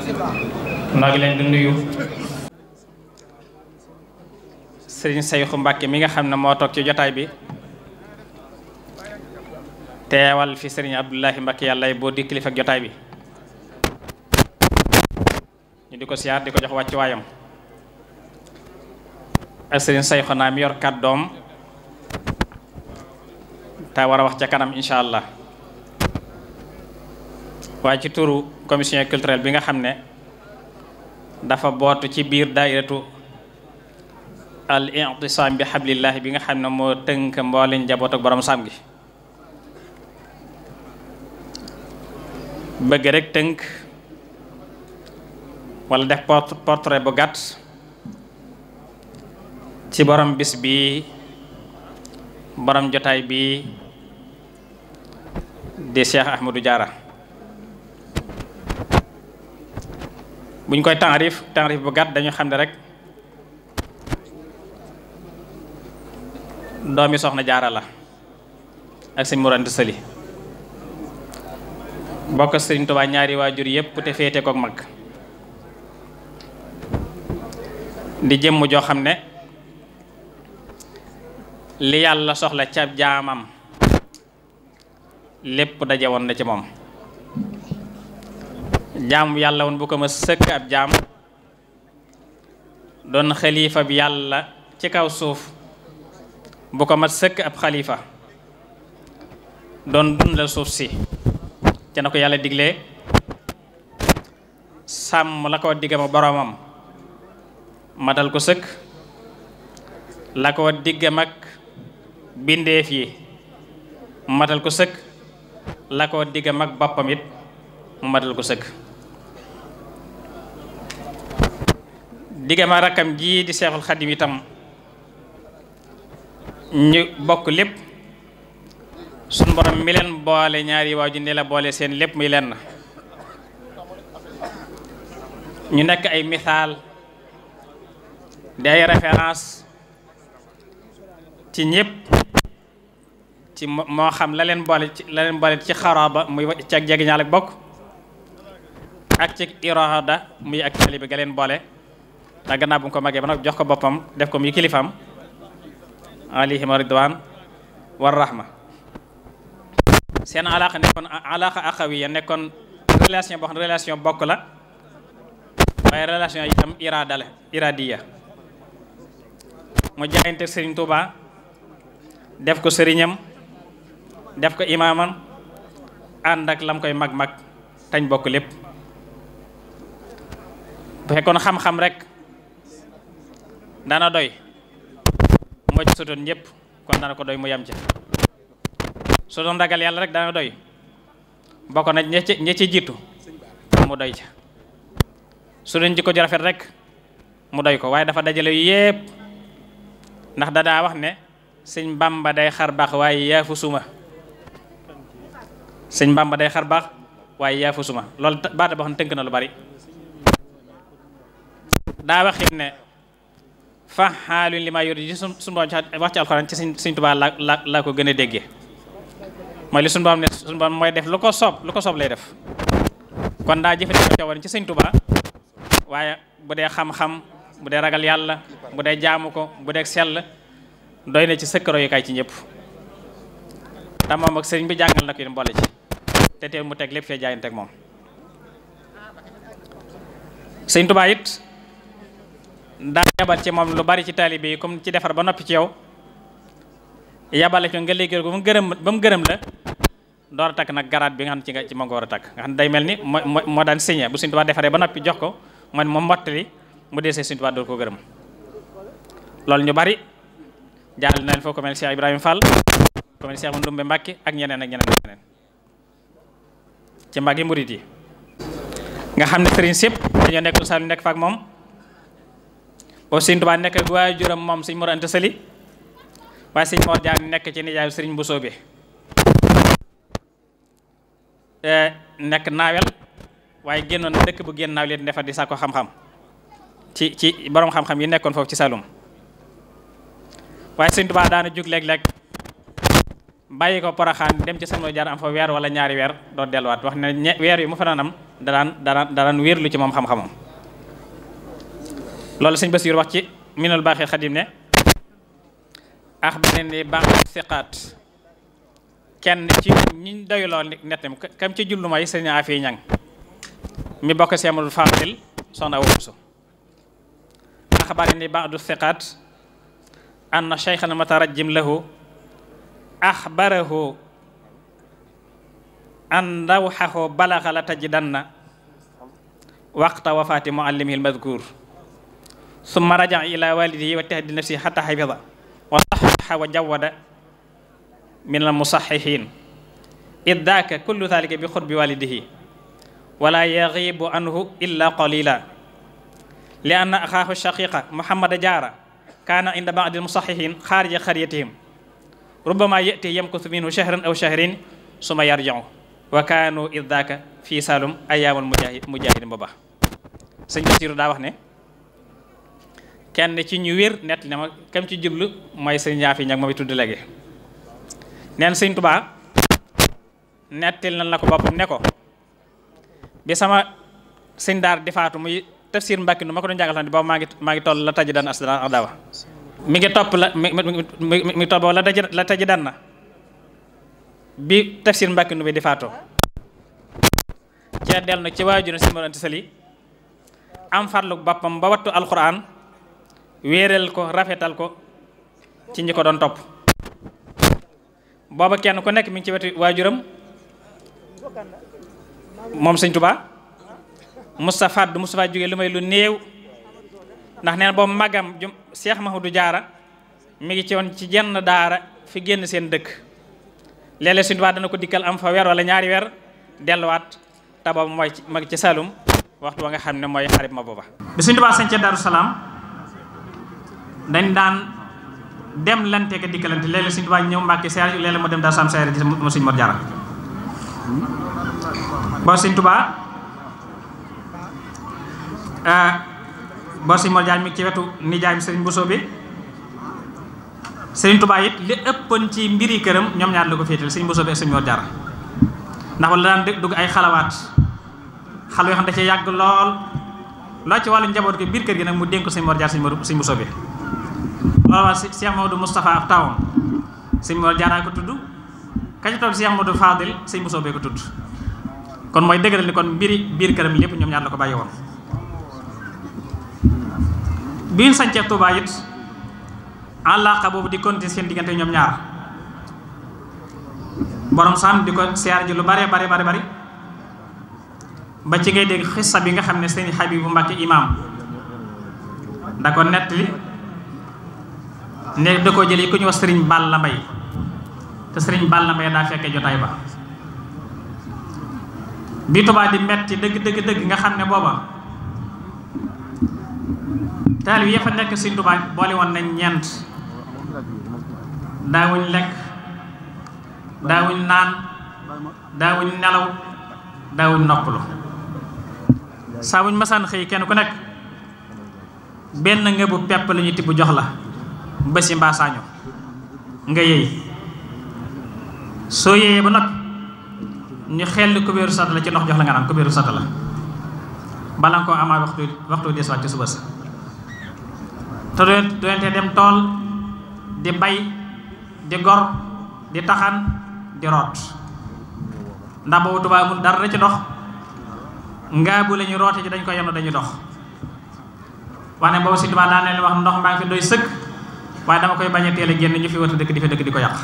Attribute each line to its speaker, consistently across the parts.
Speaker 1: maa ngi leen di nuyu sëriñ Sayxu Mbàkke mi nga xam ne moo toog ci jotaay bi teewal fi sëriñ Abdullahi Mbàkke yàlla boo di kilifa ak jotaay bi ñu di ko siyaar di ko jox wàcc waayam ak sëriñ Sayxu naa mi yor kàddoom te war a wax ca kanam incha allah waaye ci turu commission culturelle bi nga xam ne dafa bootu ci biir daairatu al intisaam bi xablillahi bi nga xam ne moo tënk mboolem njaboot ak borom saam gi bëgg rekk tënk wala def portrait bu gàtt ci borom bis bi boroom jotaay bi di Cheikh Ahmadou Diarra bu ñu koy taarif taarif bu gàtt dañu xam ne rek doomi soxna jaara la ak sëñ Mor Anta Sali bokk sëriñ Tuubaa ñaari waajur yépp te féete kook mag di jëmm joo xam ne li yàlla soxla ca jaamam lépp daje woon na ci moom jaamu yàlla woon bu ko ma sëkk ab jaam doon xalifa bi yàlla ci kaw suuf bu ko ma sëkk ab xalifa doon dundal suuf si te na ko yàlla digle sàmm la ko digga ma boroomam matal ko sëkk la ko digga mag bindeef yi matal ko sëkk la ko digga mag boppam it matal ko sëkk diggama rakkam jii di seexul xadim itam ñu bokk lépp suñ borom mi leen boole ñaari waaju ne la boole seen lépp muy leen na ñu nekk ay misaal di ay référence ci ñépp ci moo xam la leen boole ci la ba boole ci xaraaba muy ci ak bokk ak ci irada muy ak taalibe ga leen boole ndax gannaaw bu mu ko magee ba nag jox ko boppam def ko muy kilifaam alayhim ridwaan war rahma seen alaaxa nekkoon nekkoon relation boo xam relation bokk la waaye relation itam iraada la iradiya mu ko sëriñam def ko imaamam ànd lam koy mag mag tañ lépp xam-xam rek dana doy moo ci sotoon ñëpp kon dana ko doy mu yam ca su ragal yàlla rek dana doy bokk na ña ci jiitu mu doy ca su doon jikko ju rafet rek mu doy ko waaye dafa dajale yépp ndax dadaa wax ne sëñ Bamba day xar baax waaye yaafu suma sëñ ba day xar baax waaye yaafu suma lool baata boo xam tënk na lu bari daa wax it ne fahaalun limaa yurid ji suñ suñ borom wax ci alxuraan ci sëñ sëñ la la laa ko gën a déggee mooy li suñ borom ne suñ borom mooy def lu ko soob lu ko soob lay def kon daa jëfandikoo coobaram ci sëñ Tuubaa waaye bu dee xam-xam bu dee ragal yàlla bu dee jaamu ko bu dee sell doy na ci sëkkaro yu ci ñëpp te moom ak sëriñ bi jàngal na ko yéen ci te teew mu teg lépp fee jaayante ak moom sëñ Tuubaa it daa yabal ci moom lu bari ci taalibe yi comme ci defar ba noppi ci yow yabale ko nga liggéey ko ba mu gërëm ba mu gërëm la door a takk nag garaat bi nga xam ci ci ma nga war a takk nga day mel ni moo moo daan signé bu Sëñ Tuubaa defaree ba noppi jox ko man mu mottali mu desee Sëñ Tuubaa ko gërëm ñu bari jàll na leen foo ko mel Cheikh Ibrahima Fall ko mel ñeneen ak ñeneen ñeneen ci yi nga xam ne sëriñ sëpp dañoo nekk lu sax nekk fa moom boo sëñ Tuubaa nekk waajuram moom sëñ Mor Anta Sali waaye sëñ Mor Jaara nekk ci nijaayu sëriñ Bousso bi eh, nekk naawel waaye génnoon na dëkk bu génn naaw leen defar di sàkko xam-xam ci ci boroom xam-xam yi nekkoon foofu ci Saloum waaye sëñ Tuubaa daana jug léeg-léeg bàyyi ko Poroxaan dem ci sëñ Mor am fa weer wala ñaari weer doo delluwaat wax ne weer yi mu fa daan am daraan daraan daraan wéerlu ci moom xam-xamam loolu sëñ Basiir wax ci minal baaxil xadim ne ax beneen ni baax siqaat kenn ci ñi doyuloo nettam kam ci jullu mooy sëñ Afi Ñang mi bokk si amul faatil soxna wursu axbari ni baadu siqaat anna cheikhan mutarajjim lahu axbarahu an rawxahu balaxa la tajidanna waqta wafaati muallimihi almadkur summa raja'a ila walidihi wa tahdi nafsi hatta hafida wa sahha wa jawwada min al musahihin id daaka kullu dhalika bi xutbi walidihi wala yaxibu anhu illa qalila li anna axaahu shaqiqa muhammada jaara kaana inda ba'di al musahihin xaarija xariyatihim rubama yati yamkusu minhu shahran aw shahrin suma yarji'u wa kaanu id daaka fi salum ayaamul mujahid mujahidin booba sëñ Basiru daa wax ne kenn ci ñu wér nett ne ma kam ci jublu mooy sëñ Yaafi ñag ma bi tudd léegi neen sëñ Tuubaa nettil na la ko boppam ne ko bi sama sëñ daar di faatu muy tafsir mbàkki nu ma ko doon jàngal maa ngi la taj daan asdana mi ngi topp la mi ngi topp na bi tafsir mbàkki nu bi di faatoo ci dellu na ci waajur si ma sëli am farlu boppam ba wattu alxuraan wéeral ko rafetal ko ci ñi ko doon topp booba kenn ku nekk mi ngi ci wetu waajuram moom sëñ Tuubaa Moustapha du Moustapha jóge lu may lu néew ndax neen boobu magam ju Seex Mahmudu Jaara mi ngi ci woon ci jenn daara fi génn seen dëkk léeg sëñ Tuubaa dana ko dikkal am fa weer wala ñaari weer delluwaat te mooy mag ci Saalum waxtu wa nga xam ne mooy xarit ma booba dañ daan dem lante ka dikkalante léeg-léeg suñu tubaab ñëw Mbàkke seer léeg-léeg mu dem daal sam seer gis ma suñ Mor Jaara boo suñ tubaab boo ci wetu nijaayam Sëriñ Bousso bi Sëriñ Tuubaa it li ëppoon ci mbiri këram ñoom ñaar la ko féetal Sëriñ Bousso bi ak Sëriñ Mor Jaara ndax wala daan dugg ay xalawaat xal yoo da cee yàgg lool loo ci wàllu njaboot ko biir kër gi nag mu dénk ko Sëriñ Mor Jaara Sëriñ bi waaw Cheikh Maodo Moustapha ab taawam sëñ Mor Jaara ko tudd kañ toog Cheikh Maodo Fadil sëñ Bousso bee ko tudd kon mooy dëgëral ni kon mbiri biir këram lépp ñoom ñaar la ko bàyyi woon bi ñu sañcee Touba it boobu di continuer seen diggante ñoom ñaar borom saam di ko siyaar ji lu bare bare bare bari ba ci ngay dégg xissa bi nga xam ne sëñ Xabibu Mbàkke imaam da ko nettali ne da koo jëlee ku ñu wax sëriñ Balla may te sëriñ Balla Mbay daa fekkee jotaay ba bi Tuubaa di metti dëgg dëgg dëgg nga xam ne booba taal bi fa nekk sëriñ Tuubaa boole woon nañ ñeent daawuñ lekk daawuñ naan daawuñ nelaw daawuñ noppalu saa wuñ masaan xëy kenn ku nekk benn nga bu pepp la tibb jox la bési mbaa saaño nga yëy soo yëyee ba nag ñu xel kubéeru sàtt la ci ndox jox la nga naan kubéeru sàtt la bala nga koo amaat waxtu waxtu des waat ci suba si te doyante dem tool di bay di gor di taxan di root ndax boobu tubaab mun dara ci dox ngaa bu la ñu roote ci dañ ko yem dañu dox wax ne boobu si tubaab daa leen wax ndox maa ngi fi doy sëkk waaye dama koy bañ a teel a génn ñu fi wata dëkk di fi dëkk di ko yàq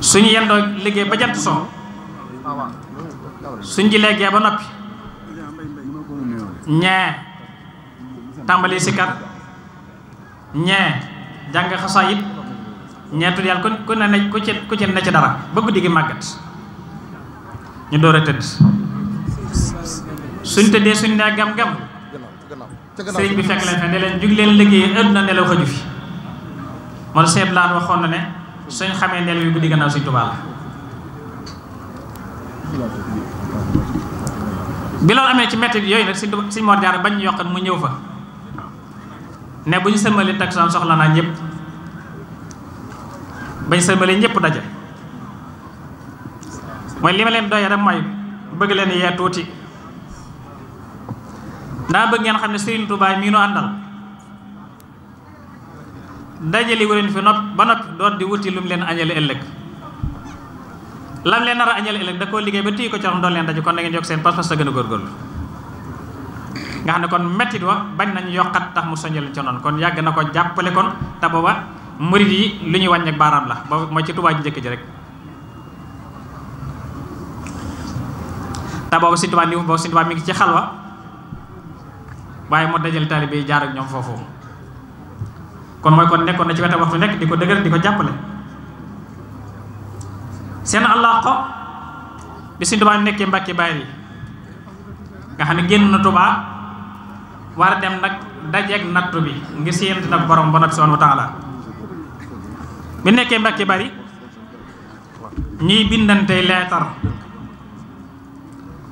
Speaker 1: suñu yendoo liggéey ba jant so suñ ji ba noppi ñee
Speaker 2: tàmbali sikar
Speaker 1: ñee jàng xasaayit ci ku ci ne ci ñu door a suñ tëddee gam-gam sëriñ bi fekk leen fa ne leen jug leen liggéey àdduna nelaw xaju fi man seet laan waxoon na ne suñ xamee nelaw yi guddi gannaaw sëriñ Tuubaa la bi loolu amee ci metti yooyu nag sëriñ Mor Jaara bañ yokkat mu ñëw fa ne bu ñu sëmali takkusaan soxla naa ñëpp bañ sëmali ñépp daje mooy li ma leen doyee mooy bëgg leen yee tuuti daa bëgg ngeen xam ne Serigne Touba mii nu àndal dajale wu leen fi nopp ba noppi doon di wuti lu mu leen añale ëllëg lam leen nar a añale ëllëg da koo liggéey ba téye ko ca doon leen daju kon da ngeen yokk seen pas-pas sa gën a góorgóorlu nga xam ne kon mettit wa bañ nañu yokkat tax mu soññal ca noonu kon yàgg na ko jàppale kon te booba murid yi li ñuy wàññi ak baaraam la ba mooy ci Touba ji njëkk ji rek te booba Serigne Touba ni boobu Serigne Touba mi ngi ci xalwa waaye moo dajal taali yi jaar ñoom foofu kon mooy kon nekkoon na ci wetam bi nekk di ko dëgëral di ko jàppale seen allah ko bi Sëñ Tuubaa nekkee Mbàkke Baari nga xam ne génn na Tuubaa war dem nag dajeeg nattu bi ngir séent nag borom ba nag subhaanahu wa taala bi nekkee Mbàkke Baari ñuy bindante leetar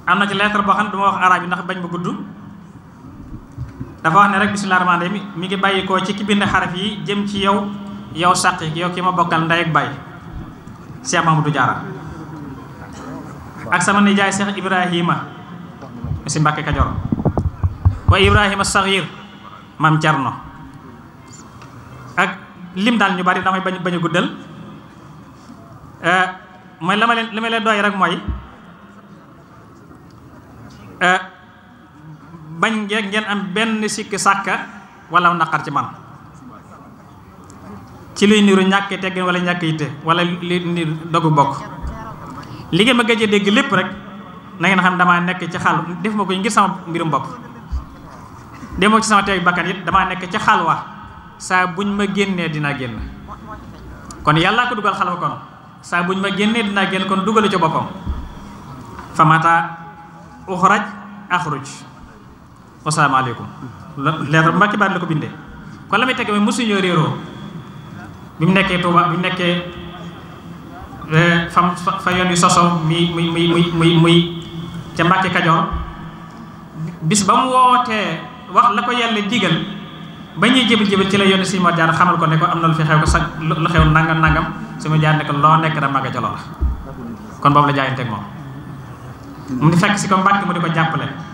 Speaker 1: am na ci leetar boo xam ne duma wax araab yi ndax bañ ba gudd dafa wax ne rek bismillah rahmaan rahim mi ngi bàyyi koo ci ki bind xaraf yi jëm ci yow yow sàq yow ki ma bokkal ndey ak baay Cheikh Mamadou Diarra ak sama nijaay Cheikh Ibrahima si Mbàkke Kajoor wa Ibrahima Saxiir maam Cerno ak lim daal ñu bari damay bañ bañ a guddal eh, mooy la ma leen li ma leen doy rek mooy eh, bañ ngeen ngeen am benn sikki sàkka wala naqar ci man ci luy niru ñàkk teggin wala ñàkk yitte wala li ni dogu bokk li ngeen ma gëj dégg lépp rek na ngeen xam dama nekk ci xal def ma ko ngir sama mbirum bopp ci sama bakkan it damaa nekk ci xalwa saa buñ ma génnee dina génn kon yàllaa ko dugal xalwa kon saa buñ ma génnee dinaa génn kon dugalu ci boppam famata uxraj axruj wasalaamaaleykum leetar bu Mbàkke baat la ko bindee kon la muy tekki mu nekkee Tuuba mu nekkee eh, fam fa yoon yu sosoo muy muy muy muy muy muy ca Mbàkke ba mu wootee wax la ko yàlla digal ba ñuy jëbal-jëbal ci la yónni si ko ne ko na lu fi xew sa lu xew nangam nangam su ma jaar ne ko loo nekk moom mu fekk si ko Mbàkke mu di ko jàppale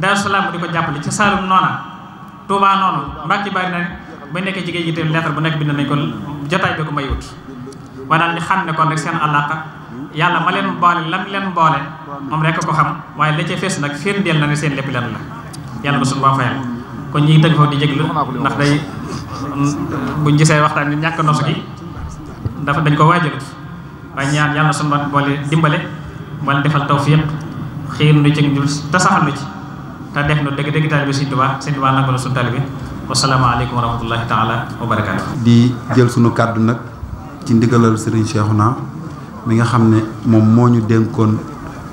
Speaker 1: Daaru Salaam di ko jàppale ca Saalum noona Touba noonu Mbàkke bari na ba nekkee jigéen yi tamit lettre bu nekk bind nañ ko jotaay bi ko may wut waaye daal xam ne kon rek seen àllaqa yàlla ma leen boole lam leen mboole moom rek ko xam waaye la ca fees nag firndeel na ne seen lépp lenn la yàlla ko suñu boo fayal kon ñi ngi tënk foofu di jéglu ndax day mm, buñ gisee waxtaan bi ñàkk nosu ki dafa dañ ko waajalut waaye ñaan yàlla suñu boole dimbale wala defal tawfiq xiir nu ci ñu tasaxal nu ci te def na dëgg dëgg taalibe Sëñ Tuubaa Sëñ Tuubaa nangu na suñu taalibe wasalaamaaleykum wa rahmatullahi taala wa barakaatu. di jël
Speaker 3: suñu kàddu nag ci ndigalal Serigne naa bi nga xam ne moom moo ñu dénkoon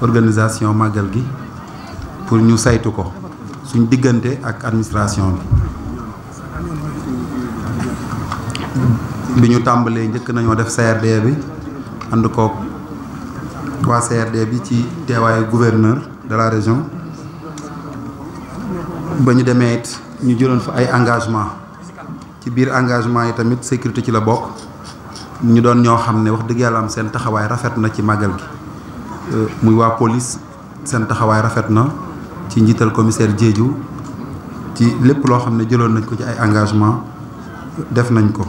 Speaker 3: organisation màggal gi pour ñu saytu ko suñ diggante ak administration bi. bi ñu tàmbalee njëkk nañoo def CRD bi ànd koog waa CRD bi ci teewaayu gouverneur de la région. ba ñu demee it ñu jëloon fa ay engagement ci biir engagement yi tamit sécurité ci la bokk ñu doon ñoo xam ne wax dëgg yàlla am seen taxawaay rafet na ci màggal gi euh, muy waa polis seen taxawaay rafet na ci njiital commissaire Diédhiou ci lépp loo xam ne jëloon nañ ko ci ay engagement def nañ ko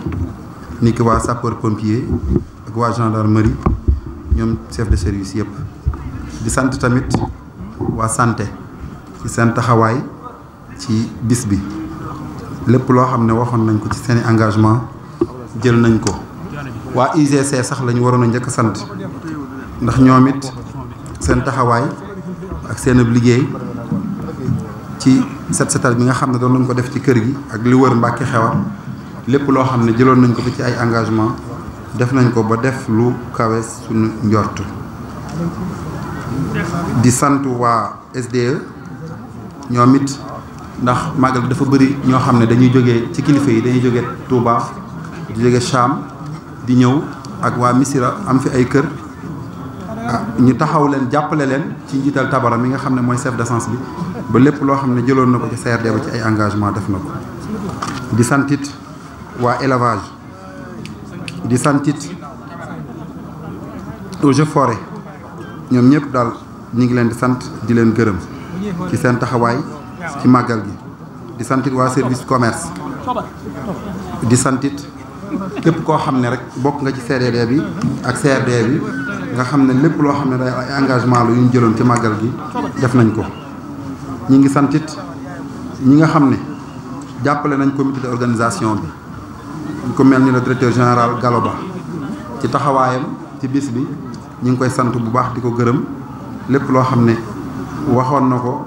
Speaker 3: ni ki waa sapeur pompier ak waa gendarmerie ñoom chef de service yëpp di sant tamit waa santé ci seen taxawaay ci bis bi lépp loo xam ne waxoon nañ ko ci seeni engagement jël nañ ko waa UGC sax lañu waroon a njëkk a sant ndax ñoom it seen taxawaay ak seen ab liggéey ci set setal bi nga xam ne doon lañ ko def ci kër gi ak li wër Mbàkke xewar lépp loo xam ne jëloon nañ ko fi ci ay engagement def nañ ko ba def lu kawe suñu njort di sant waa SDE ñoom it ndax màggal gi dafa bëri ñoo xam ne dañuy jóge ci kilifa yi dañuy jógee Touba di jóge Cham di ñëw ak waa Misira am fi ay kër ah, ñu taxaw leen jàppale leen ci njiital tabara mi nga xam ne mooy chef de sens bi ba lépp loo xam ne jëloon na ko ci CRD ci ay engagement def na ko di santit waa élevage di santit eaux et forêts ñoom ñëpp daal ñu ngi leen di sant di leen gërëm ci seen taxawaay ci màggal gi di santit waa service commerce di santit képp koo xam ne rek bokk nga ci CDD bi ak CRD bi nga xam ne lépp loo xam ne day ay engagement la yu ñu jëloon ci màggal gi def nañ ko ñi ngi santit ñi nga xam ne jàppale nañ comité d'organisation bi ñu ko mel ni le directeur général ba ci taxawaayam ci bis bi ñu ngi koy sant bu baax di ko gërëm lépp loo xam ne waxoon na ko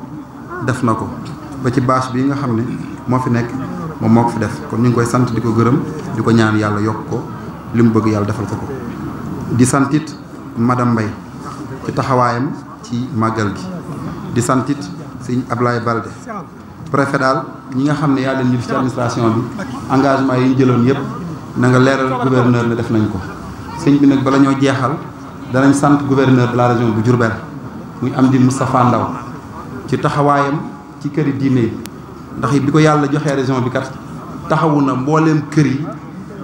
Speaker 3: def na ko ba ci bâche bi nga xam ne moo fi nekk moom moo ko fi def kon ñu ngi koy sant di ko gërëm di ko ñaan yàlla yokk ko li mu bëgg yàlla defal ko ko di santit madame Mbaye ci taxawaayam ci màggal gi di santit sëñ Ablaye Balde préfet daal ñi nga xam ne yàlla leen yilif ci administration bi engagement yi ñu jëloon yëpp na nga leeral gouverneur ne def nañ ko sëñ bi nag bala ñoo jeexal danañ sant gouverneur de la région bu Diourbel muy Amdi Moustapha Ndaw ci taxawaayam ci këri diine yi ndax bi ko yàlla joxee région bi kat taxawu na mbooleem kër yi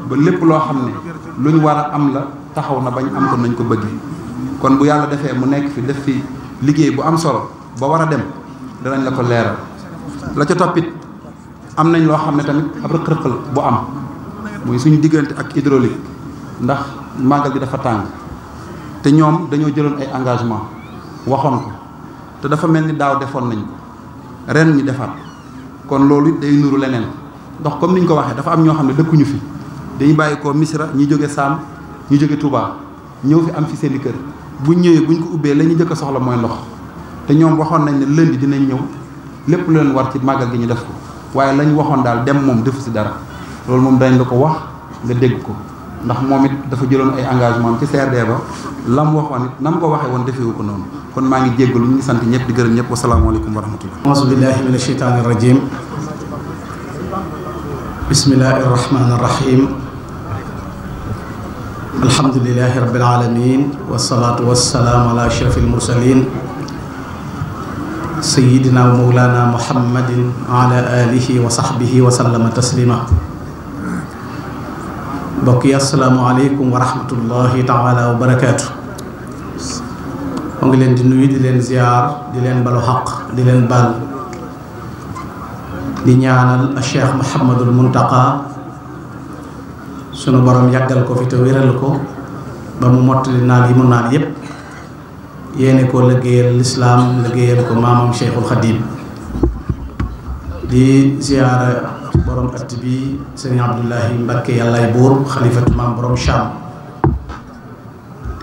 Speaker 3: ba lépp loo xam ne lu ñu war a am la taxaw na bañ am ko nañ ko bëggee kon bu yàlla defee mu nekk fi def fi liggéey bu am solo ba war a dem danañ la ko leeral la ca toppit am nañ loo xam ne tamit ab rëq-rëqal bu am muy suñu diggante ak hydraulique ndax màggal gi dafa tàng te ñoom dañoo jëloon ay engagement waxoon ko te dafa mel ni daaw defoon nañ ren ñu defaat kon loolu it day nuru leneen ndox comme ni ñu ko waxee dafa am ñoo xam ne dëkkuñu fi dañu bàyyi ko Misra ñu jóge Saam ñu jóge Touba ñëw fi am fi seen i kër buñ ñëwee buñ ko ubbee la ñu jëkk soxla mooy ndox te ñoom waxoon nañ ne dinañ ñëw lépp lu leen war ci màggal gi ñu def ko waaye lañ waxoon daal dem moom defu si dara loolu moom dañ la ko wax nga dégg ko ndax moom it dafa jëloon ay engagement ci CRD ba la mu waxoon it na ko waxee woon defewu ko noonu kon maa ngi jéggalu ñu ngi sant ñëpp di gërëm ñëpp wasalaamaaleykum wa rahmatullah auzu billahi min asheytaani rajim
Speaker 2: bismillahi arrahmani arrahim alhamdulilahi rabbil alamin wasalaatu wasalaam ala ashraf almursalin sayidina wa mawlana muhammadin wa ala alihi wa sahbihi wa sallama taslima mbokk yi asalaamaaleykum wa rahmatullahi taala wa barakaatu. moo ngi leen di nuyu di leen ziar di leen balu xaq di leen bal di ñaanal Cheikh Mouhamadul Muntaqa sunu borom yàggal ko fi te wéral ko ba mu mottali naal yi mu naan yépp yéene ko liggéeyal lislaam liggéeyal ko maamam Cheikhul Xadim di ziara borom att bi sëriñ Abdoulahi Mbakke yàllaay buur xalifatu maam borom Cham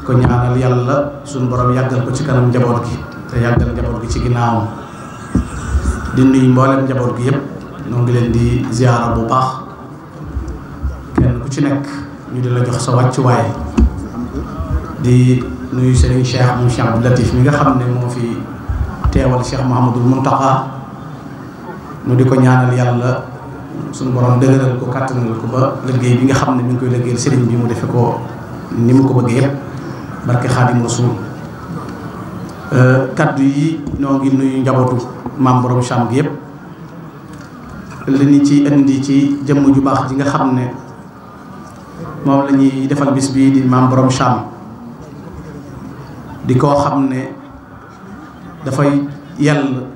Speaker 2: ko ñaanal yàlla suñu borom yàggal ko ci kanam njaboot gi te yàggal njaboot gi ci ginnaawam di nuyu mboolem njaboot gi yëpp ñoo ngi leen di ziara bu baax kenn ku ci nekk ñu di la jox sa wàccuwaay di nuyu sëriñ Cheikh moom Cheikh Latif mi nga xam ne moo fi teewal Cheikh Mouhamadul Mountakha mu di ko ñaanal yàlla. suñu borom dëgëral ko kàttanal ko ba liggéey bi nga xam ne mi ngi koy liggéeyal sëriñ bi mu defe ko ni mu ko bëggee yëpp barke Xaadim Rasuul euh, kàddu yi noo ngi nuyu njabootu maam borom Cham gi yëpp li ñu ci indi ci jëmm ju baax ji nga xam ne moom lañuy ñuy defal bis bii di maam borom Cham di koo xam ne dafay yell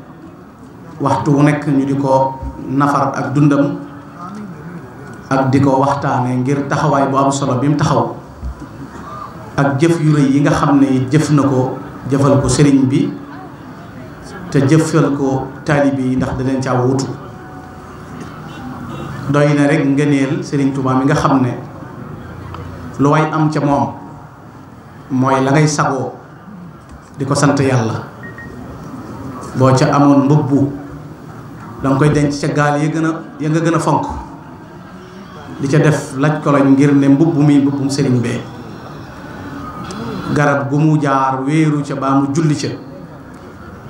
Speaker 2: waxtu wu nekk ñu di ko nafar ak dundam ak di ko waxtaanee ngir taxawaay bu am solo bi mu taxaw ak jëf yu rëy yi nga xam ne jëf na ko jëfal ko sëriñ bi te jëfal ko taalibe yi ndax da leen caa wutu doy na rek ngëneel sëriñ Touba mi nga xam ne lu way am ca moom mooy la ngay sagoo di ko sant yàlla boo ca amoon mbubbu danga koy denc ca gaal yi gën a ya nga gën a fonk di ca def laj koloñ ngir ne mbubb mi mbubbum sëriñ bee garab gu mu jaar wéeru ca baa mu julli ca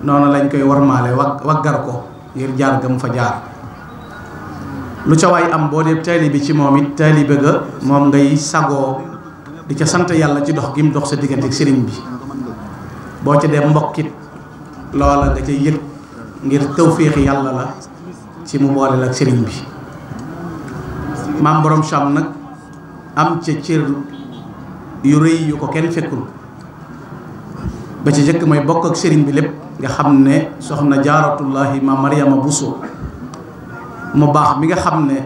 Speaker 2: noonu lañ koy warmaale wa waggar ko ngir jaar ga mu fa jaar lu ca waay am boo dee taalibi ci moom it taalibe ga moom ngay sagoo di ca sant yàlla ci dox gi mu dox sa diggante ak sëriñ bi boo ca dee mbokkit loola da ca yëg ngir tawféexi yàlla la ci mu boole ak sëriñ bi maam borom Cham nag am ca cër yu rëy yu ko kenn fekkul ba ci jëkk mooy bokk ak sëriñ bi lépp nga xam ne soxna jaaratullahi ma Mariama Bousso mu baax mi nga xam ne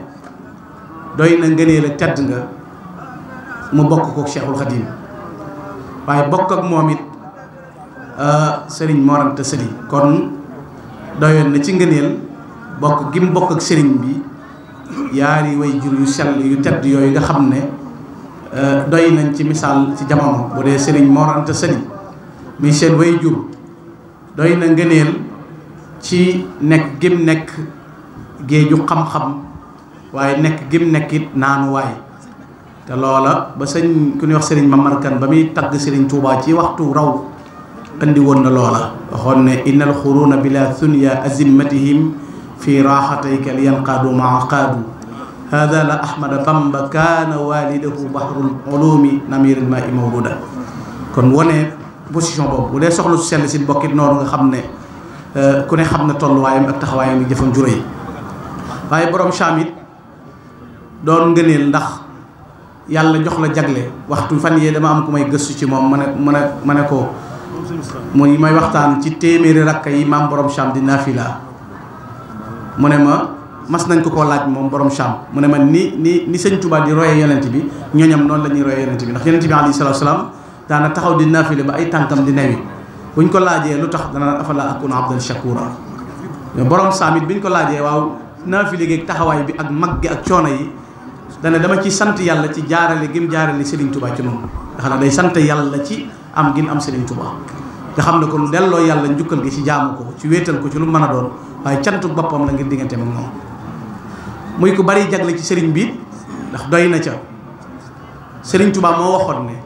Speaker 2: doy na ngëneel a tedd nga mu bokk kook Cheikhul Khadim waaye bokk ak moom it euh, sëriñ Mor Anta kon doyoon na ci ngëneel bokk gi mu bokk ak sëriñ bi yaari way jur yu sell yu tedd yooyu nga xam ne euh, doy nañ ci misaal ci jamono bu dee sëriñ Mor Anta Sali mi seen way jur doy na ngëneel ci nekk gim nekk géeju xam-xam waaye nekk gim nekk it naanuwaay te loola ba sëñ ku ñuy wax sëriñ ma markan ba muy tagg sëriñ Tuubaa ci waxtu raw andi woon na loola waxoon ne innal xuruuna bila thunya azimmatihim fi raaxatayka liyanqaadu maa qaadu hada la ahmada bamba kaana walidahu bahrul ulumi namiril ma i mawluda kon wone position boobu bu dee soxna su sell si bokkit noonu nga xam ne euh, ku ne xam ne tolluwaayam ak taxawaayam yi jëfam juró yi waaye borom saam it doon ngëneel ndax yàlla jox la jagle waxtu fan yee dama am ku may gëstu ci moom ma ne ma ne ma ne ko muy may waxtaan ci téeméeri rakka yi maam borom saam di mu ne ma mas nañ ko koo laaj moom borom Cham mu ne man ni ni ni sëñ tubaa di royee yonent bi ñooñam noonu la ñuy royee yonent bi ndax yonent bi alayhi salaatu salaam daana taxaw di naafile ay tànkam di newi buñ ko laajee lu tax dana afala akun abdan shakura borom Saam it biñ ko laajee waaw naafile gi ak taxawaay bi ak mag gi ak coono yi dana dama ci sant yàlla ci jaarale gim jaarale Serigne Touba ci noonu nga xam ne day sant yàlla ci am gin am Serigne Touba te xam ne kon delloo yàlla njukkal gi ci jaamu ko ci wéetal ko ci lu mën a doon waaye cantu boppam la ngir diggante moom muy ku bari jagle ci sëriñ bi ndax doy na ca sëriñ Tuubaa moo waxoon ne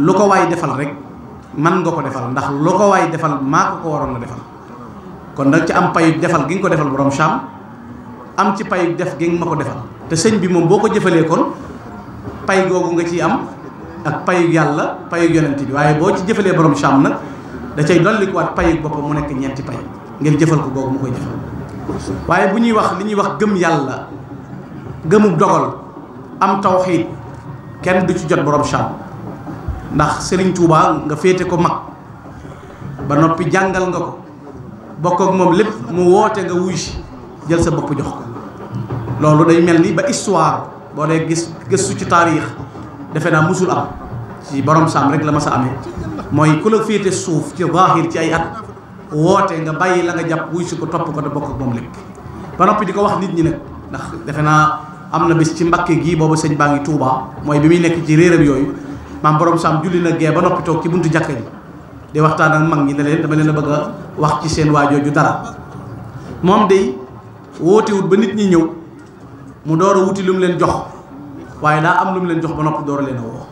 Speaker 2: lu ko waay defal rek man nga ko defal ndax lu ko waay defal maa ko ko waroon na defal kon nag ci am payu defal gi nga ko defal borom saam am ci payu def gi ma ko defal te sëñ bi moom boo ko jëfalee kon pay googu nga ciy am ak payu yàlla payu yonent bi waaye boo ci jëfalee borom saam nag da cay dollikuwaat payu boppam mu nekk ñeenti pay ngeen jëfal ko googu mu koy jëfal waaye bu ñuy wax li ñuy wax gëm yàlla gëmu dogal am tawxiid kenn du ci jot borom cham ndax sëriñ Touba nga féete ko mag ba noppi jàngal nga ko bokk ak moom lépp mu woote nga wuy jël sa bopp jox ko loolu day mel ni ba histoire boo dee gis gëstu ci taarix defe naa mosul am ci borom saam rek la ma sa amee mooy ku la féete suuf ci zaahir ci ay at woote nga bàyyi la nga jàpp wuy si ko topp ko te bokk ak moom lépp ba noppi di ko wax nit ñi nag ndax defe naa am na bés ci mbakke gii boobu sëñ baa ngi Touba mooy bi muy nekk ci réeram yooyu maam borom saam julli na gee ba noppi ci buntu jàkka ji waxtaan ak mag ñi ne leen dama wax ci seen waajooju dara moom day wootewut ba nit ñi ñëw mu door a wuti lu mu leen jox waaye daa am lu mu leen jox ba noppi door leen a woo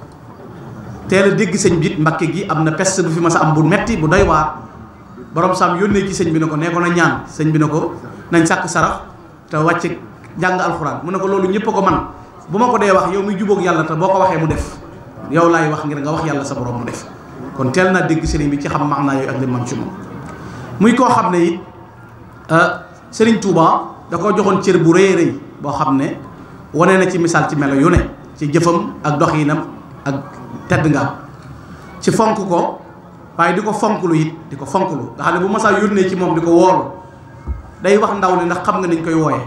Speaker 2: teel a dégg sëñ bi it mbakke gi am na peste bu fi ma sa am bu metti bu doy waar borom saam yónnee ci sëñ bi ne ko nee ko na ñaan sëñ bi ne ko nañ sàkk sara te wàcc jàng alxuraan mu ne ko loolu ñëpp a ko man bu ma ko dee wax yow muy jubook yàlla te boo ko waxee mu def yow laay wax ngir nga wax yàlla sa borom mu def kon teel naa dégg sëriñ bi ci xam maanaa yooyu ak li man ci moom muy koo xam ne it euh, sëriñ Touba da koo joxoon cër bu rëy rëy boo xam ne wane na ci misaal ci melo yu ne ci jëfam ak doxinam ak tedd nga ci fonk ko waaye di ko fonklu it di ko fonklu nga xam ne bu masaa yónnee ci moom di ko woolu day wax ndaw li ndax xam nga niñ koy wooyee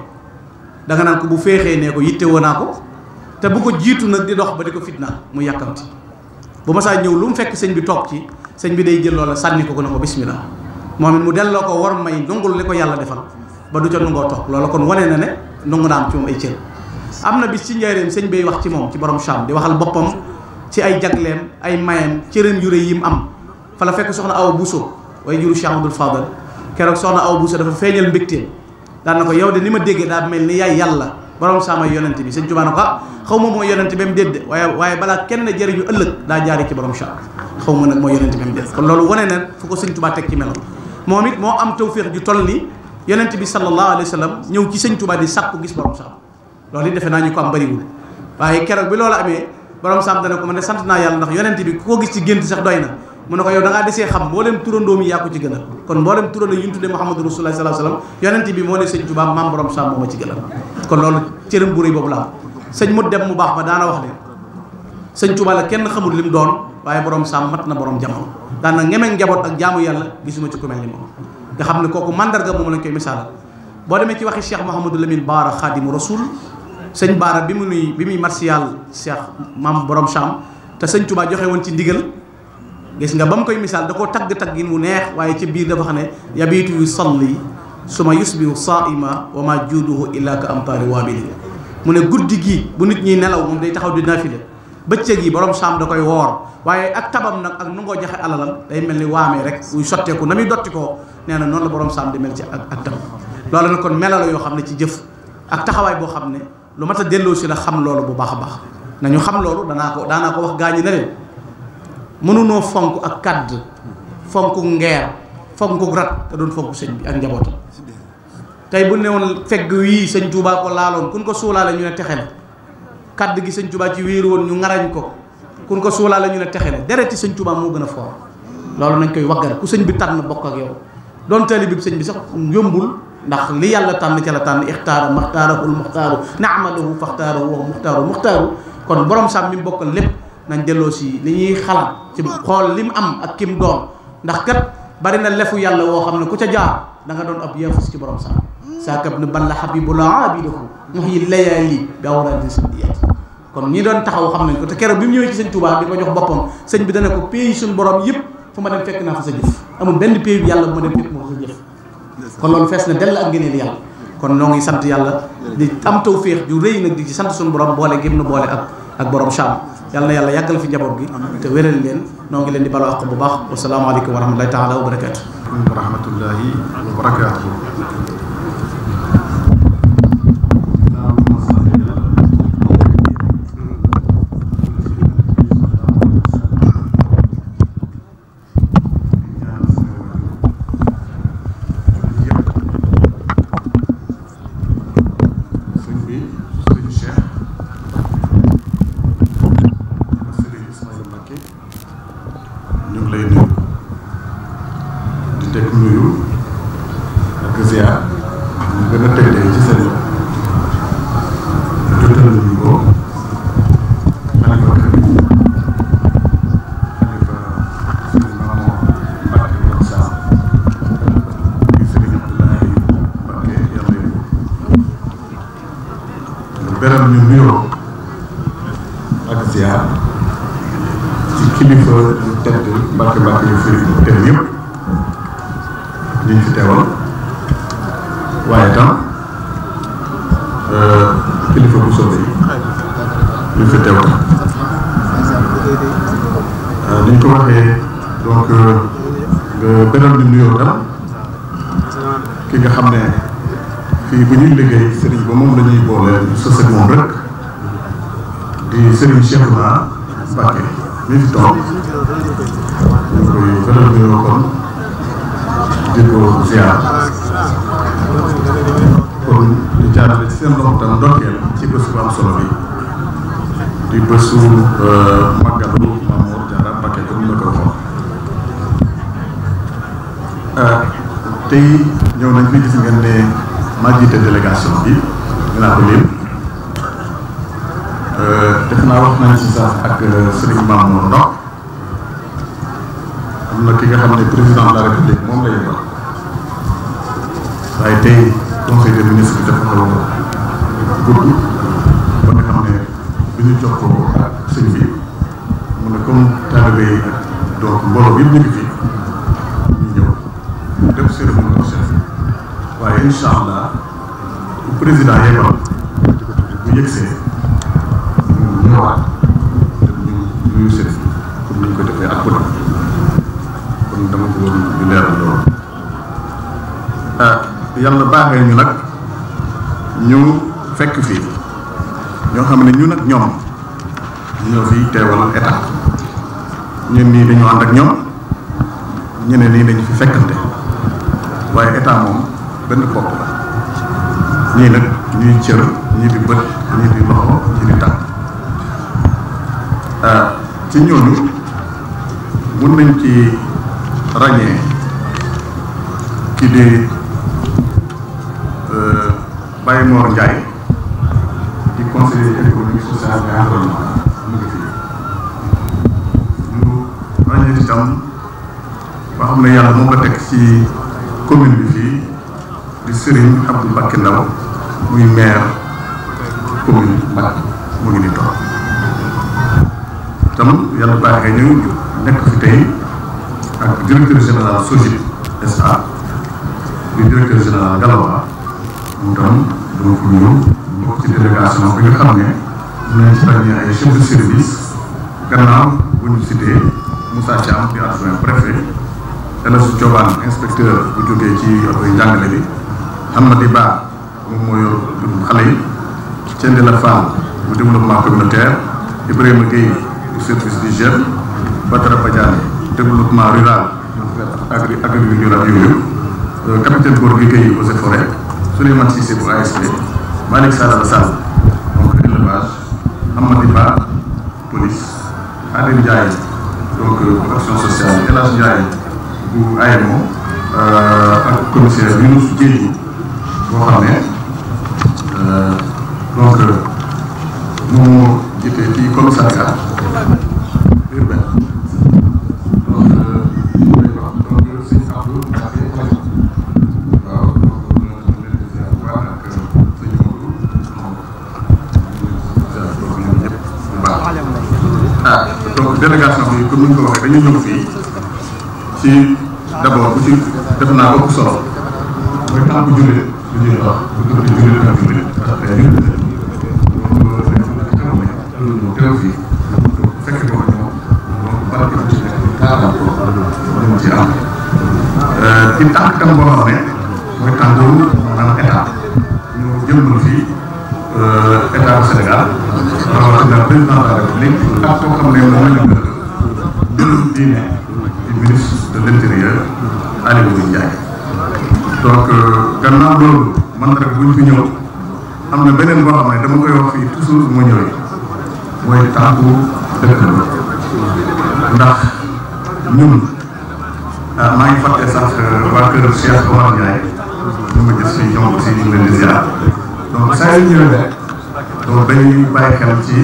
Speaker 2: danga naan ko bu féexee nee ko yitte woo naa ko te bu ko jiitu nag di dox ba di ko fitna mu yàkkamti bu masaa ñëw lu mu fekk sëñ bi toog ci sëñ bi day jël loola sànni ko ko ne ko bismillah moom it mu delloo ko war may nungul li ko yàlla defal ba du ca nungoo toog loola kon wane na ne nungu na am ci moom ay cër am na bis ci njaareem sëñ bay wax ci moom ci borom Cham di waxal boppam ci ay jagleem ay mayam cëram yu rëy yim am fa la fekk soxna aw buso waaye juru Cheikh Amadou Fadal keroog soxna aw buso dafa feeñal mbégteem daan na ko yow de ni ma déggee daa mel ni yaay yàlla borom saama yonent bi sëñ Tuubaa na ko ah, xaw ma mooy yonent ba mu dédd waaye waaye balaa kenn jëriñu ëllëg daa jaari ci borom Cheikh xaw ma nag mooy yonent ba mu dédd kon loolu wane na fu ko sëñ Tuubaa teg ci meloon moom it moo am tawféex ju toll ni bi sallallahu alayhi wa sallam ñëw ci sëñ Tuubaa di sàkku gis borom saam loolu defe naa ñu ko am bëriwul waaye keroog bi loolu amee borom saam dana ko man de sant naa yàlla ndax yonent bi ku ko gis ci gént sax doy na mu ne ko yow da desee xam mboolem turandoom yi yaa ko ci gën a kon mboolem turandoo yi ñu tuddee Muhammadu Rasulullah sallallahu alayhi wasallam yonent bi moo ne sëñ Tuubaa maam borom sàmm moo kon loolu cërëm bu rëy boobu la am sëñ dem mu baax ma daana wax ne sëñ Tuubaa kenn xamul lim doon waaye borom sàmm mat na borom jamono daana ngemeñ njaboot ak jaamu yàlla gisuma ci ku mel moom nga ne kooku mandarga moom lañ koy misaal boo demee ci waxi Cheikh Mouhamadou Lamine Baara Xaadimu Rasul sëñ Baara bi mu nuy bi muy marsiyaal Cheikh maam borom sàmm te sëñ Tuubaa joxe woon ci ndigal gis nga ba mu koy misaal da koo tagg-taggin wu neex waaye ci biir dafa xam ne yabiitu yu salli ma yusbihu saaima wa ma juuduhu illa ka amtaari waabili mu ne guddi gi bu nit ñi nelaw moom day taxaw di naa naafile bëccëg yi borom saam da koy woor waaye ak tabam nag ak nu ngoo jaxe alalam day mel ni waamee rek buy sotteeku na muy dotti koo nee na noon la borom saam di mel ci ak ak tab kon melala yoo xam ne ci jëf ak taxawaay boo xam ne lu mat a delloo si la xam loolu bu baax a baax nañu xam loolu danaa ko daanaa ko wax gaañi na leen mënunoo fonk ak kàdd fonk ngeer fonk rat te doon fonk sëñ bi ak njabootam tey bu ne woon fegg wii sëñ Touba ko laaloon kun ko suulaale ñu ne texe na kàdd gi sëñ Touba ci wéeru woon ñu ngarañ ko kun ko suulaale ñu ne texe na dereti sëñ Touba moo gën a foor loolu nañ koy waggare ku sëñ bi na bokk ak yow doon taalibe bi sëñ bi sax yombul ndax li yàlla tànn ca la tànn ixtaara maxtaarahu l muxtaaru naamalahu faxtaarahu wa muxtaaru muxtaaru kon borom sàmm mi bokkal lépp nañ delloo si li ñuy xalaat ci xool li mu am ak kim doon ndax kat bari na lefu yàlla woo xam ne ku ca jaar da nga doon ab yeefus ci borom sax saakab nu ban la xabibula abidahu mox yi layaali bi awraadi sandiyaati kon ñi doon taxaw xam nañ ko te keroog bi mu ñëwee ci sëñ Tuubaa di ko jox boppam sëñ bi dana ko pays suñu borom yëpp fu ma dem fekk naa fa sa jëf amul benn pays bi yàlla bu ma dem fekk moo fa sa jëf kon loolu fees na dell ak ngëneel yàlla kon noo ngi sant yàlla di am tawféex ju rëy nag di ci sant suñu borom boole gém nu boole ak ak borom Saam yàlla na yàlla yàggal fi njaboot gi te wéral leen noo ngi leen di balu àq bu baax wasalaamaaleykum wa rahmatullahi taala wa barakaatu wa rahmatullahi wa barakaatu
Speaker 4: ni ñu ko waxee donc euh, beral di nuyoo dara ki nga xam ne fii bu ñuy liggéey sëriñ ba moom lañuy ñuy boole sës ak moom rek di sëriñ Cheikh Ouna Mbacké mi fi toog ñu koy ko ziar kon di jaarale ci seen loxo tam ndokkeel ci bés bu am solo bi di bésu euh, mag Euh, tey ñëw nañ fi gis ngeen ne maa jiite délégation bi dinaa ko lim euh, def naa wax nañ si sax ak euh, Serigne Mamour Ndao am na ki nga xam ne président la république moom la yebal waaye tey conseil des ministres bi dafa xaw gudd ba nga xam ne bi ñu jox ko ak sëñ bi mu ne comme taalibe yi ak donc mbooloo bi yëpp ñu ngi fi incha allah bu président yebbal bu yëgsee ñu ko defee ak bu kon dama ko woon ah, yàlla baaxee ñu nag ñu fekk fii ñoo xam ne ñu nag ñoom ñoo fi teewal état ñun nii dañu ànd ak ñoom ñeneen nii dañu fi fekkante waaye état moom benn bopp la ñii nag ñuy cër ñii di bët ñii di loxo ñii di tànk ah, ci ñooñu mun nañ ci ràññee ki di euh, Baye Mor Ndiaye di conseiller économique social et environnement mu ngi fi ñu ràññee itam ba xam ne yàlla moom la teg ci commune bi Serigne Abdou Mbacké Ndao muy maire commune Mbacké mu ngi ni toog tam yàlla baaxee ñu nekk fi tey ak directeur général SOGIP SA di directeur général Galawa mu tam dama ko ñëw bokk ci délégation bi nga xam ne mën nañ ci ràññee ay chef de gannaaw bu ñu cité Moussa Thiam di adjoint préfet El Hadj Diobane inspecteur bu jógee ci njàngale bi Amady Ba moom moo yor xale yi Thiendella Fall bu développement communautaire Ibrahima Gueye bu service du jeune Badara Badiane développement rural agriculture ak yooyu euh, capitaine Gorgui Gueye eaux et forêts Souleymane Cissé bu ASP Malick Sadara Sall donc élevage Amady Ba police Adem Ndiaye donc action euh, sociale El Hadj Ndiaye bu AMO euh, ak commissaire Younouss Diedhiou boo xam ne donc moom euh, moo jiite ci commissariat urbain donc euh, donc euh, suñu Abdou Mbacké waaw donc ah, donc délégation bi comme ni ko waxee dañu ñëw fii ci d'abord bu ci def naa bopp solo mooy tànku jullit ci tànkam boo xam ne mooy tàngoru maanaam état ñu jëmbal fii état bu Sénégal rawatina président de la République ak koo xam ne moom la ñu gën diine di ministre de l' intérieur Aly Ngouille Ndiaye donc gannaaw loolu man nag buñ fi ñëw am na beneen boo xam ne dama koy wax fii toujours mu ñëwee mooy tànku dëkk ndax ñun ah, maa ngi fàtte sax euh, waa kër Cheikh Omar Ndiaye ñu gis si ñoom aussi ñu ngi leen di ziar donc ñëwee rek donc bàyyi xel ci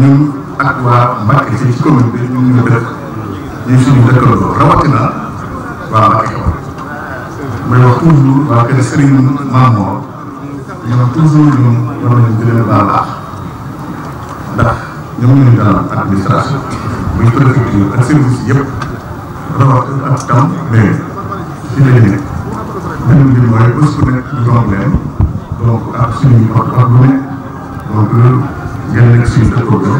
Speaker 4: ñun ak waa Mbacke ci commune bi ñun ñu dëkk ñu suñu dëkkandoo rawatina waa Mbacke may wax toujours waa kër Serigne Mamor ñoom toujours ñoom ñoo leen di leen baal àq ndax ñoom ñu daal administration muy préfecture ak service yëpp rawat ak tam mais ci la ñu mooy bés bu nekk ñu doon leen donc ak suñuy porte ak lu nekk donc ngeen nekk suñu dëkkandoo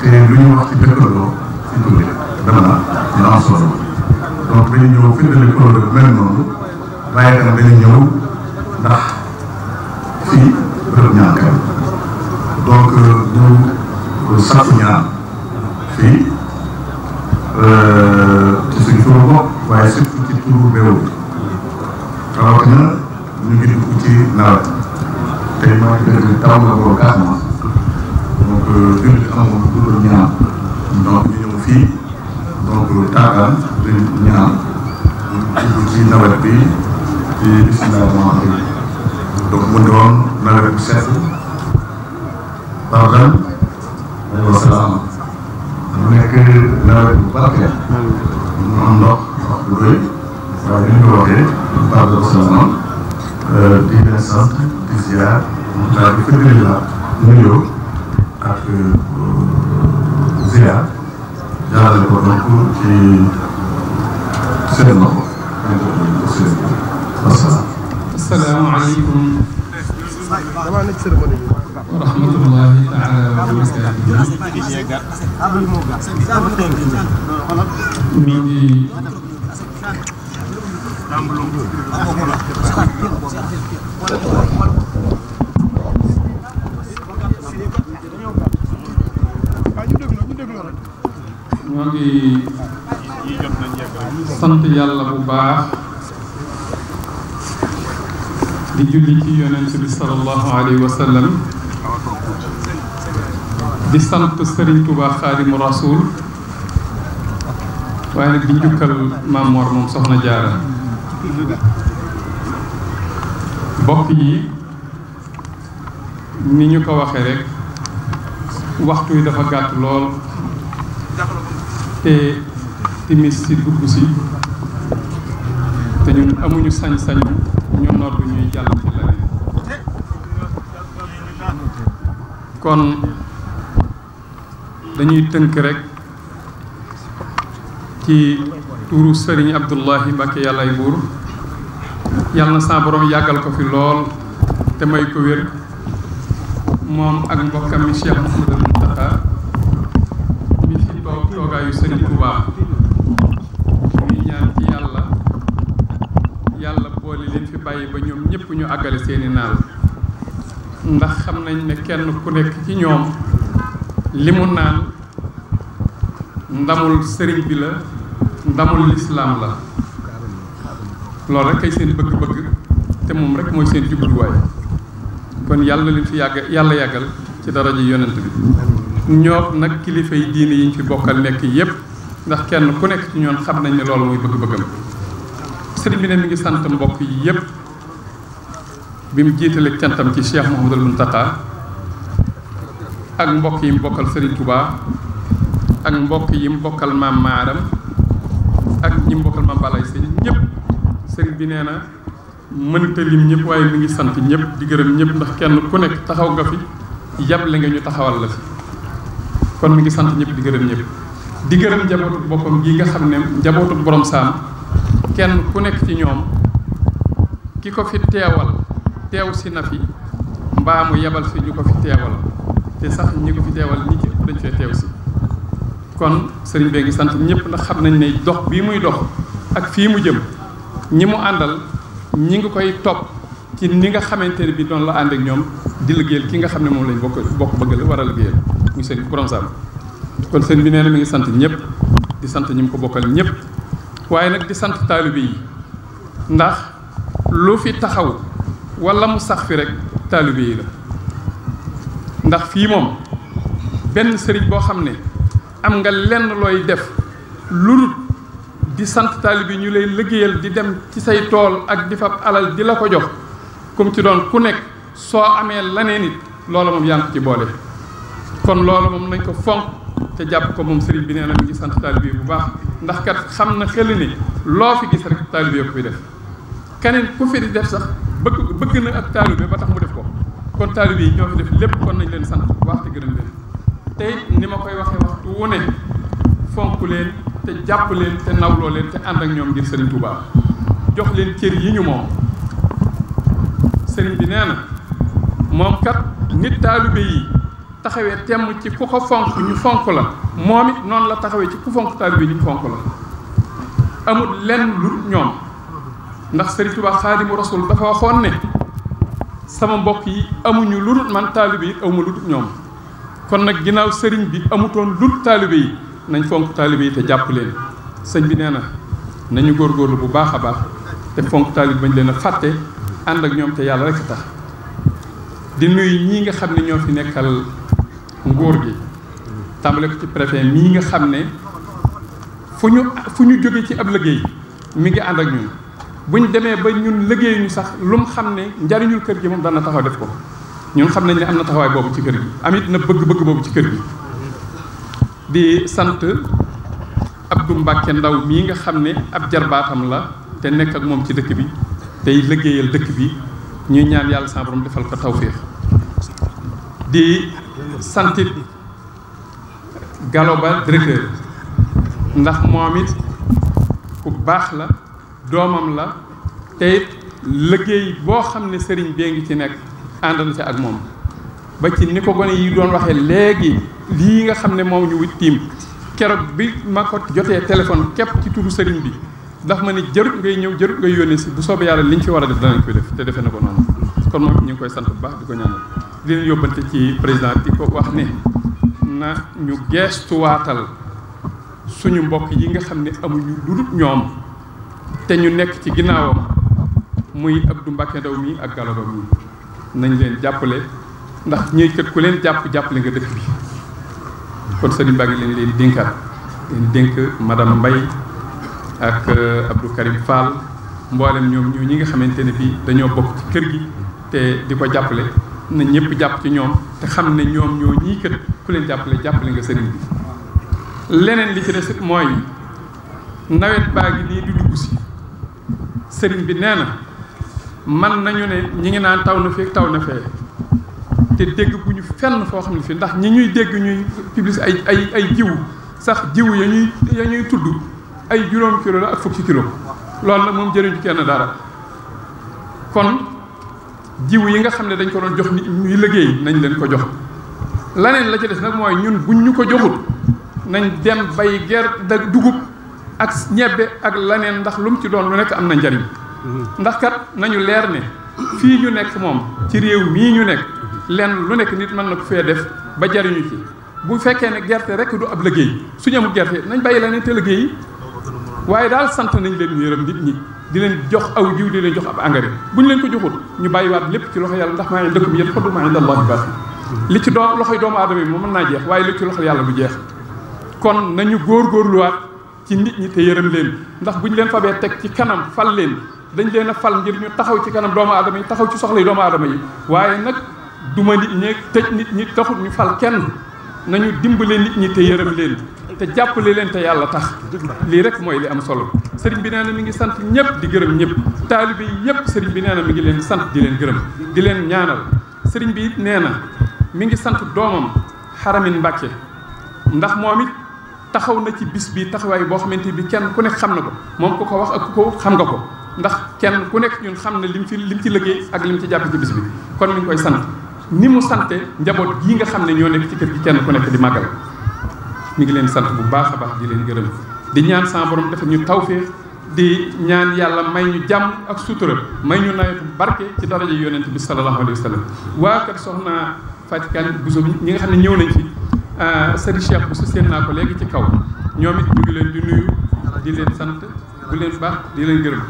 Speaker 4: te lu ñu wax ci dëkkandoo ci dundee vraiment ñu am solo donc dañu ñëw firndale projet mel noonu waaye tam dañu ñëw ndax fii bërëb ñaan kay donc du sàkku ñaan fii euh, ci suñu turu waaye surtout ci turu réew mi rawatina ñu ngi dugg ci nawet tey maa ngi dégg taw la boobu quatre mois donc euh, jullit amul du ñaan donc ñu ñëw fii. ko tàggal di ñaan dugg ci nawet bi ci bismillah donc mu doon nawet bu set tàggal aywa salaam mu nekk nawet bu barkeel mu am ndox ndox bu rëy waaye ni ñu ko waxee tàggal salaam euh, di leen sant di ziar daal di fëttali la nuyoo ak euh, ziar jaarale ko donc ci seen loxo.
Speaker 5: asalaamaaleykum. wa rahmatullahi taala wa barakaatuh. mi ngi ñoo ngi sant yàlla bu baax di julli ci yonent bi sallallahu alayhi wa sallam di sant Serigne Touba Xaadimu Rasuul waaye nag di njukkal Maam Mor moom soxna Jaara bokk yi ni ñu ko waxee rek waxtu yi dafa gàtt lool te timis si dugg si te amuñu sañ-sañ ñu nodd ñuy jàll ci kon dañuy tënk rek ci turu sëriñ Abdoulahi Mbacké yàllaay buur yàlla na saa borom yàggal ko fi lool te may ko wér moom ak mbokkam mi Cheikh Mouhamadou taxawaayu Sëriñ Tuubaa ñu ñaan ci yàlla yàlla boole leen fi bàyyi ba ñoom ñëpp ñu àggale seeni naal ndax xam nañ ne kenn ku nekk ci ñoom li mu naan ndamul sëriñ bi la ndamul lislaam la loolu rek kay seen bëgg-bëgg te moom rek mooy seen jubluwaay kon yàlla leen fi yàgg yàlla yàggal ci daraja yonent bi ñoom nag kilifa yi diine yi ñu fi bokkal nekk yépp ndax kenn ku nekk ci ñoom xam nañ ne loolu muy bëgg-bëggam sëriñ bi ne mi ngi sant mbokk yi yépp bi mu jiitale cantam ci Cheikh Mouhamadul Mountakha ak mbokk yi mbokkal bokkal sëriñ ak mbokk yi mu bokkal maam Maaram ak ñi mu bokkal maam Balay Sëñ ñépp sëriñ bi nee na mënta lim ñëpp waaye mu ngi sant ñëpp di gërëm ñëpp ndax kenn ku nekk taxaw nga fi yàble nga ñu taxawal la fi kon mi ngi sant ñëpp di gërëm ñëpp di gërëm njabootu boppam gi nga xam ne njabootu borom saam kenn ku nekk ci ñoom ki ko fi teewal teew si na fi mbaa mu yebal fi ñu ko fi teewal te sax ñi ko fi teewal ñi ci dañ fee teew si kon sëriñ bee ngi sant ñëpp ndax xam nañ ne dox bi muy dox ak fii mu jëm ñi mu àndal ñi ngi koy topp ci ni nga xamante ne bi doon la ànd ñoom di liggéeyal ki nga xam ne moom lañ bokk bokk bëgg la war a liggéeyal bu sëriñ borom kon sëriñ bi nee na mi ngi sant ñëpp di sant ñu mu ko bokkal ñëpp waaye nag di sant taalibe yi ndax lu fi taxaw wala mu sax fi rek taalibe yi la ndax fii moom benn sëriñ boo xam ne am nga lenn looy def lu di sant taalibe yi ñu lay liggéeyal di dem ci say tool ak di fab alal di la ko jox comme ci doon ku nekk soo amee laneen it loola moom yaa ngi ci boole kon loolu moom nañ ko fonk te jàpp ko moom sëriñ bi nee na mi ngi sant taalibe bu baax ndax kat xam na xel loo fi gis rek taalibe fi def keneen ku fi di def bëgg na ak taalibe ba mu def ko kon taalibe yi ñoo def lépp kon nañ leen sant bu baax te ni ma koy waxee waxtu wu ne leen te jàpp leen te nawloo leen te ànd ak ñoom ngir sëriñ Touba jox leen cër yi ñu moom sëriñ bi nee na kat nit taalibe yi taxawee temm ci ku ko fonk ñu fonk la moom it noonu la taxawee ci ku fonk taalibe bi ñu fonk la amul lenn lu ñoom ndax Sëriñ Tuubaa Xaadimu Rasuul dafa waxoon ne sama mbokk yi amuñu lu dul man taalibe yi awma lu ñoom kon nag ginnaaw sëriñ bi amutoon lu dul taalibe yi nañ fonk taalibe yi te jàpp leen sëñ bi nee na nañu góor góorlu bu baax a baax te fonk taalibe bañ leen a fàtte ànd ak ñoom te yàlla rek a tax di nuyu ñii nga xam ne ñoo fi nekkal nguur gi tàmbale ko ci préfet mii nga xam ne fu ñu fu ñu jóge ci ab liggéey mi ngi ànd ak ñun buñ demee ba ñun liggéey ñu sax lu mu xam ne njariñul kër gi moom dana taxaw def ko ñun xam nañ ne am na taxawaay boobu ci kër gi amit na bëgg-bëgg boobu ci kër gi di sant Abdou Mbacke Ndaw mii nga xam ne ab jarbaatam la te nekk ak moom ci dëkk bi tey liggéeyal dëkk bi ñuy ñaan yàlla sa borom defal ko tawféex di santit bi Gallo Ba directeur ndax moom it ku baax la doomam la te liggéey boo xam ne sëriñ bee ngi ci nekk ànd na ci ak moom ba ci ni ko gone yi doon waxee léegi lii nga xam ne moom ñu wut tiim keroog bi ma ko jotee téléphone képp ci turu sëriñ bi ndax ma ni jarut ngay ñëw jarut ngay yónnee si bu soobee yàlla liñ fi war a def danañ koy def te defe ne ko noonu kon moom ñu ngi koy sant bu baax di ko ñaanal. di leen yóbbante ci président di ko wax ne na ñu geestuwaatal suñu mbokk yi nga xam ne amuñu lu dul ñoom te ñu nekk ci ginnaawam muy Abdou Mbacké Ndaw mi ak Gallo mi nañ leen jàppale ndax ñuy kët ku leen jàpp jàppale nga dëkk bi kon sëriñ baa ngi leen dénkaat leen dénk madame mbay ak euh, Abdou Karim Fall mboolem ñoom ñoo ñi nga xamante ne bii dañoo bokk ci kër gi te di ko jàppale na ñëpp jàpp ci ñoom te xam ne ñoom ñoo ñii kët ku leen jàppale jàppale nga sëriñ bi leneen li ci des mooy nawet baa ngi nii di dugg si sëriñ bi nee na man nañu ne ñi ngi naan taw na fee taw na fee te dégg bu ñu fenn foo xam ne fii ndax ñi ñuy dégg ñuy publis ay ay ay jiwu sax jiw ya ñuy ya ñuy tudd ay juróom kilo la ak fukki kilo loolu nag moom jëriñu kenn dara kon jiw yi nga xam ne dañ ko doon jox nit ñuy liggéey nañu leen ko jox laneen la ci des nag mooy ñun buñ ñu ko joxut nañ dem bay gerte dugub ak ñebbe ak laneen ndax lu ci doon lu nekk am na njariñ ndax kat nañu leer ne fii ñu nekk moom ci réew mii ñu nekk lenn lu nekk nit mën na ko fee def ba jariñu ci bu fekkee ne gerte rekk du ab liggéey su amul gerte nañ bàyyi laneen te liggéey waaye daal sant nañ leen ñu nit ñi di leen jox aw jiw di leen jox ab engrais bu ñu leen ko joxul ñu bàyyiwaat lépp ci loxo yàlla ndax maa ngi dëkk bi yëpp xoddu maa ngi dallaahi baas li ci doo loxoy moom mën naa jeex waaye li ci loxo yàlla du jeex kon nañu góorgóorluwaat ci nit ñi te yërëm leen ndax bu ñu leen fabee teg ci kanam fal leen dañ leen a fal ngir ñu taxaw ci kanam doomu aadama yi taxaw ci soxla yi doomu aadama yi waaye nag duma nit ñeeg tëj nit ñi taxut ñu fal kenn nañu dimbale nit ñi te yërëm leen te jàppale leen te yàlla tax lii rek mooy li am solo sëriñ bi nee na mi ngi sant ñëpp di gërëm ñëpp taalibe yi yëpp sëriñ bi nee na ngi leen sant di leen gërëm di leen ñaanal sëriñ bi nee na mi ngi sant doomam xaramin Mbàkke ndax moom it taxaw na ci bis bi taxawaay boo xamante bi kenn ku nekk xam na ko moom ku ko wax ak ku ko xam nga ko ndax kenn ku nekk ñun xam na lim ci lim ci liggéey ak lim ci jàpp ci bis bi kon mi ngi koy sant ni mu sante njaboot yi nga xam ne ñoo nekk ci kër gi kenn ku di màggal ñu ngi leen sant bu baax a baax di leen gërëm di ñaan sa borom dafa ñu tawféex di ñaan yàlla may ñu jàmm ak sutura may ñu nawetu barke ci daraja yonent bi sallallahu alayhi wa sallam waa kër soxna Fatikan Bousso ñi nga xam ne ñëw nañ fi ah, sëriñ Cheikh Bousso seen naa ko léegi ci kaw ñoom it ñu ngi leen di nuyu di leen sant bu leen baax di leen gërëm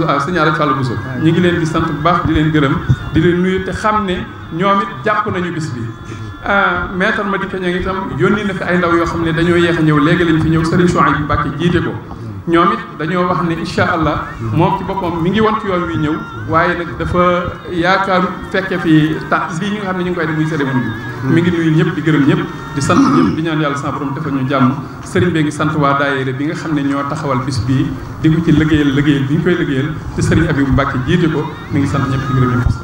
Speaker 5: waaw ah, sëñ Alaaji Fàllu Bousso ñu ngi leen di sant bu baax di leen gërëm di leen nuyu te xam ne ñoom it jàpp nañu bis bi Ah. maître Madické ngi itam yónni na fi ay ndaw yoo xam ne dañoo yéex a ñëw léegi lañ fi ñëw Serigne Chouaib bi Mbàkke jiite ko ñoom it dañoo wax ne incha allah moom ci boppam mi ngi won ci yoon wi ñëw waaye nag dafa yaakaar fekke fi ta lii ñu nga xam ne ñu ngi koy def muy cérémonie bi hmm. mi ngi nuyu ñëpp di gërëm ñëpp di sant ñëpp di ñaan yàlla sa borom defal ñu jàmm sëriñ bee ngi sant waa daayira bi nga xam ne ñoo taxawal bis bii di ko ci liggéeyal liggéeyal bi ñu koy liggéeyal te sëriñ Abibou Mbàkke jiite ko mi ngi sant ñëpp